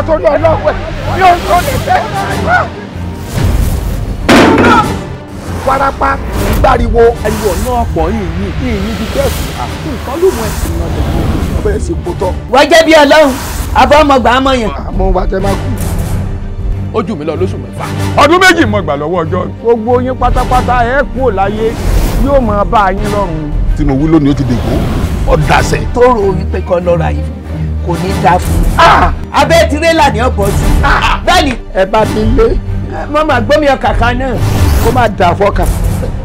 jọ torí ọlọ́wẹ̀ mi ò tó lè fẹ́. Warapa gbariwo ẹnu ọ̀nà ọ̀pọ̀ yìnyín yìnyín di bẹ́ẹ̀sì àti nǹkan lóun ẹ̀sìn náà lè mú bẹ́ẹ̀ sì kó tọ́. wọ́n jẹ́ bí ọlọ́run abọ́mọgbà mọ̀ yẹn. àmọ́ wa tẹ máa kú. ojú mi lọ lóṣù mẹ́fà. ọdún méjì mo gbà lọ́wọ́ ọjọ́. gbogbo yín pátápátá ẹ kú ò láyé yóò máa bá a yín lọ́rùn. tí mo wí lónìí ó ti dègbò ọ̀dàṣẹ. tó rò wípé kọ́ lọ́ra yìí kò ní dá fún un. Ah! Ah! abẹ́ tirẹ́là ni ó bọ̀ sí. Ah! bẹ́ẹ̀ni. ẹ bá mi lé eh, mo máa gbómi ọkà kan náà kó má dà fọ́kà.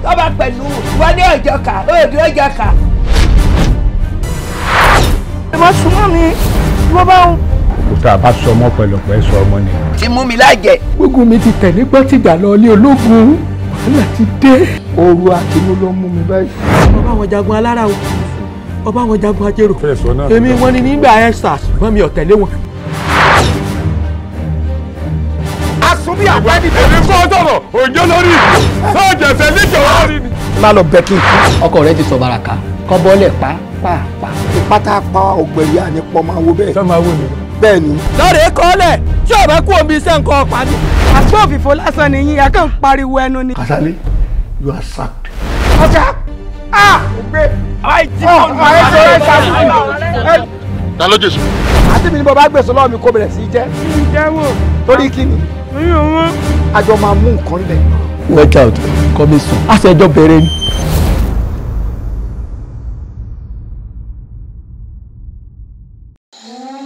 tọ́ba pẹ̀lú wọn ní ọjọ́ kà òòdì ọjọ́ kà. ìmọ̀ súnmọ́ mi ló bá ń. tá a bá sọ ọmọ pẹ̀lọpẹ̀ sọ ọmọ ni. ti mú mi lájẹ. gbógun mi ti tẹ̀ nígbà tìgbà lọ ní ológun wàhálà ti dé. ooru akínú ló mú mi báyìí. mo bá wọn jagun alára o ọba wọn jagun ajérò èmi wọn ni nígbà ẹ sà ṣùgbọ́n mi ò tẹ̀lé wọn. asunbi àgbẹ̀ni tẹ̀lé kọ́ ọ̀dọ̀rọ̀ òjò lórí sọ́ọ̀jẹ̀sẹ̀ níjọba rí ni. má lọ bẹ kí ọkọ rẹ ti sọ baraka kọ bọ́lẹ̀ pàápàá. ìpátápá ọgbẹ̀yà ni pọ́ máa wo bẹ́ẹ̀. sọ́ọ́ máa wò ni. bẹ́ẹ̀ ni. lọ́ọ̀rẹ́ kọ́lẹ̀ tí ò bá kú omi iṣẹ́ nǹkan ọ̀pá ni. àṣọ òfìfo lásán ni yín akán pariwo ẹnu ni. Kasali you are sacked. ọjà ah! ó gbé ta ló jésù. àti mi ni bàbá gbèsè lọ́wọ́ mi kó bẹ̀rẹ̀ sí í jẹ́. kí ni jẹ́ wò. torí kí ni. mi ò wọ́n. àjọ máa mú nǹkan lẹ̀. watch out kọ́mí soon. àṣẹjọ bẹ̀rẹ̀ ni. Mm-hmm.